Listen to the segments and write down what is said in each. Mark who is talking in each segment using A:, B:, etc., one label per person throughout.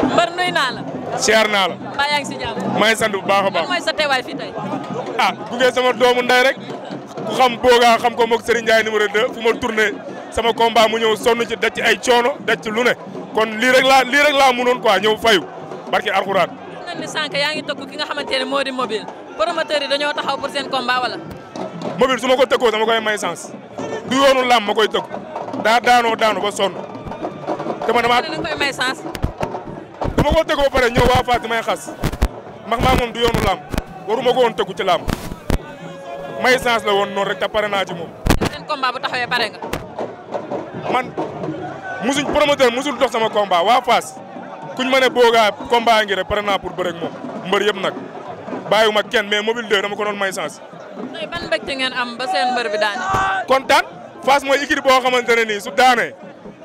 A: Mbër nuyu naa la. maesan naa la. Maesan yaa ngi si baax a sa teewaay fii tey. ah gunge sama doomu nday rek ku xam boogaa xam ko moog Serigne Ndiaye numéro 2 fu ma sama combat mu ñëw sonn ci daj ci ay coono daj lu ne kon lii rek laa lii rek laa mënoon quoi ñëw fayu barke alxuraan. xam nañ ne sànq yaa ngi tëkku ki nga xamante ne moo di mobile promoteur yi dañoo taxaw pour seen combat wala. mobile su ma ko tëkkoo maesan. koy may sens du yoonu làmm ma koy tëkku daa daanoo daanu ba sonn. dama dama koy may sens bu ma ko tëgoo pare ñëw waa Fass di may xas max maa moom du yoonu lamb waruma ko woon tëggu ci lamb may la rek pare ci combat bu pare nga. man musuñ promoteur musul dox sama combat waa Fass kuñ komba ne boogaa combat ngi rek pare bayu pour bëre ak moom mbër yëpp nag bàyyiwuma kenn mais mobile 2 dama ko doon may chance. tey ban mbégte ngeen am ba seen mbër bi daane. équipe su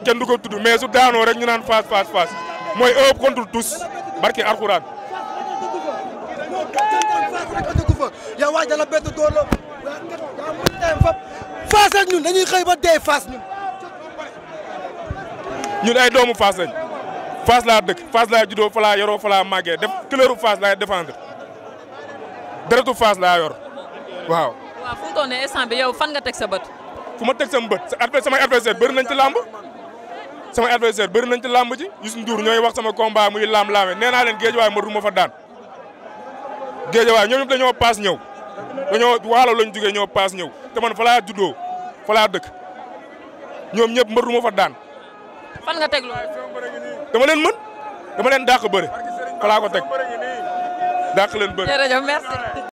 A: kenn du ko mais su rek ñu mooy un contre tous barki alxuraan. yow waaj dala bett góor la faas ak ñun dañuy xëy ba dee faas ñun. ñun ay doomu faas lañ faas laa dëkk faas laa juddoo fa laa yoroo fa def couleur faas laay défendre deretu faas laa yor waaw. waaw fu mu toll bi yow fan nga teg sa bët. fu ma teg sama bët sa adver samay adversaire bëri nañ ci sama adversaire bëri nañ ci làmb ji Youssou Ndour ñooy wax sama combat muy laam-laame nee naa leen géejawaay ma duma fa daan géejawaay ñoom ñëpp dañoo paas ñëw dañoo waalo lañ jugee ñoo paas ñëw te man fa laa juddoo fa laa dëkk ñoom ñëpp mbër duma fa daan. fan nga teg loolu. dama leen mën dama leen dàq bëri fa laa ko teg dàq leen bëri. jërëjëf merci.